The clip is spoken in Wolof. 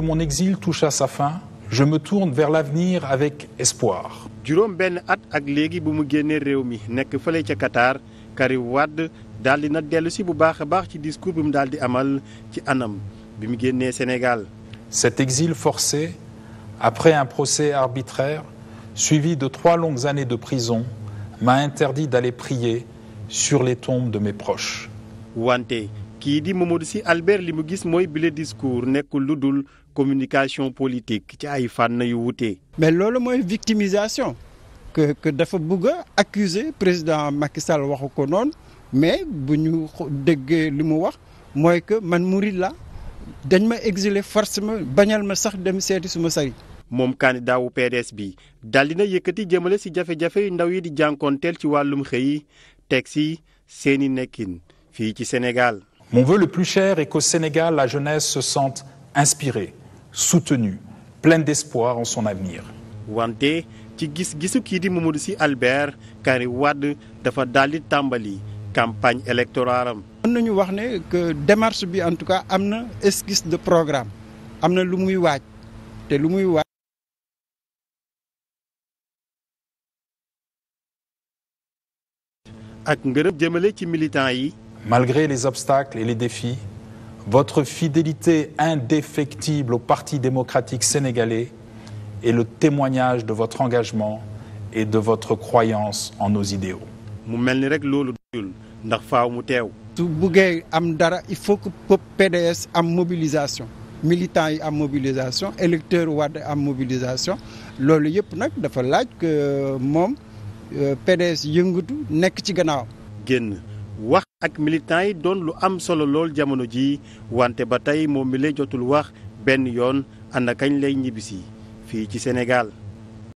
que mon exil touche sa fin je me tourne vers l'avenir avec juróom benn at ak léegi bu mu génnee réew mi nekk fële ca Qatar Karim Wade daal di na dellu si bu baax a baax ci discours bi mu daal di amal ci anam bi mu génnee Sénégal. cet exil forcé après un procès arbitraire suivi de trois longues années de prison m'a interdit d'aller prier sur les tombes de mes proches. wante kii di Mamadou Sy Albert li mu gis mooy bile discours nekkul lu dul. communication politique ci ay fànn yu wute. mais loolu mooy victimisation que que dafa bëgg a accuser président Macky Sall waxu ko noonu mais bu ñu déggee li mu wax mooy que man murid la dañ ma exile force ma bañal ma sax dem seeti suma sëriñ. moom candidat wu PDS bi dal dina yëkkati jëmale si jafe-jafe yu ndaw yi di jànkoonteel ci wàllum xëy teg si seeni nekkin fii ci Sénégal. Mon vœu le plus cher est qu'au Sénégal, la jeunesse se sente inspirée. soutenu plein d'espoir en son avenir. wante ci gis-gisu kii di Mamadou Sy Albert Karim Wade dafa daal di tàmbali campagne électorale am. mën nañu wax ne que démarche bi en tout cas am na esquisse de programme am na lu muy waaj te lu muy waaj. ak ngërëm jëmale ci militants yi. malgré les obstacles et les défis. Votre fidélité indéfectible au Parti démocratique sénégalais est le témoignage de votre engagement et de votre croyance en nos idéaux. mu mel ni rek loolu doyul ndax faaw mu teew. su buggee am dara il faut que PDS am mobilisation militants yi am mobilisation électeurs Wade am mobilisation loolu yëpp nag dafa laaj que euh, moom euh, PDS yëngatu nekk ci gannaaw. génn wax. ak militants yi doon lu am solo lool jamono jii wante ba tey moom mi la jotul wax benn yoon ana kañ lay ñibbisi fii ci Sénégal.